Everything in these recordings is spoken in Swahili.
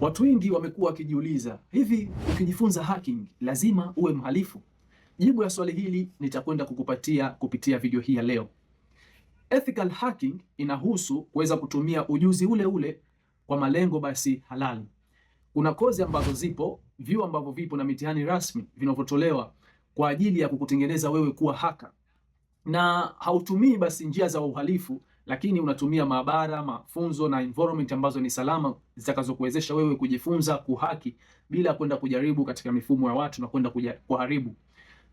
Watu wengi wamekuwa wakijiuliza hivi, ukijifunza hacking lazima uwe mhalifu? Jibu la swali hili nitakwenda kukupatia kupitia video hii ya leo. Ethical hacking inahusu kuweza kutumia ujuzi ule ule kwa malengo basi halali. Kuna kozi ambazo zipo, vyuo ambavyo vipo na mitihani rasmi vinavyotolewa kwa ajili ya kukutengeneza wewe kuwa haka, na hautumii basi njia za uhalifu lakini unatumia maabara, mafunzo na environment ambazo ni salama zitakazokuwezesha wewe kujifunza kuhaki bila kwenda kujaribu katika mifumo ya watu na kwenda kuharibu.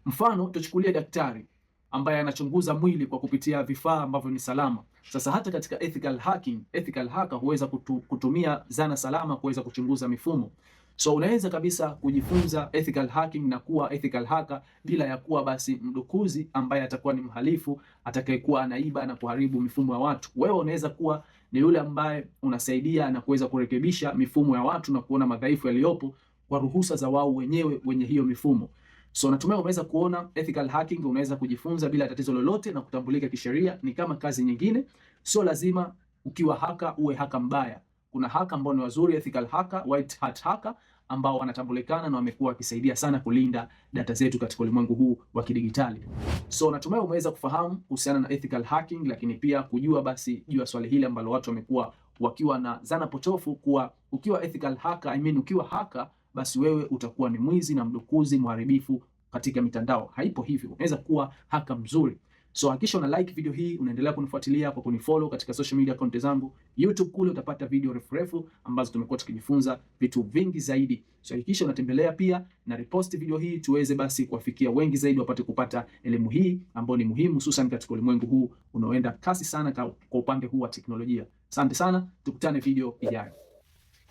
Mfano, tuchukulie daktari ambaye anachunguza mwili kwa kupitia vifaa ambavyo ni salama. Sasa hata katika ethical hacking, ethical hacker huweza kutu, kutumia zana salama kuweza kuchunguza mifumo. So unaweza kabisa kujifunza ethical hacking na kuwa ethical hacker bila ya kuwa basi mdukuzi ambaye atakuwa ni mhalifu atakayekuwa anaiba na kuharibu mifumo ya watu. Wewe unaweza kuwa ni yule ambaye unasaidia na kuweza kurekebisha mifumo ya watu na kuona madhaifu yaliyopo kwa ruhusa za wao wenyewe wenye hiyo mifumo. So natumai umeweza kuona ethical hacking unaweza kujifunza bila tatizo lolote na kutambulika kisheria. Ni kama kazi nyingine, sio lazima ukiwa haka uwe haka mbaya kuna haka ambao ni wazuri, ethical haka, white hat haka ambao wanatambulikana na wamekuwa wakisaidia sana kulinda data zetu katika ulimwengu huu wa kidigitali. So natumai umeweza kufahamu kuhusiana na ethical hacking, lakini pia kujua basi juu ya swali hili ambalo watu wamekuwa wakiwa na zana potofu kuwa ukiwa ethical hacker, I mean, ukiwa haka basi wewe utakuwa ni mwizi na mdukuzi mharibifu katika mitandao. Haipo hivyo, unaweza kuwa haka mzuri. So hakikisha una like video hii, unaendelea kunifuatilia kwa kunifollow katika social media account zangu. YouTube kule utapata video refu refu ambazo tumekuwa tukijifunza vitu vingi zaidi. So hakikisha unatembelea pia na repost video hii tuweze basi kuwafikia wengi zaidi wapate kupata elimu hii ambayo ni muhimu hususan katika ulimwengu huu unaoenda kasi sana kwa upande huu wa teknolojia. Asante sana, tukutane video ijayo.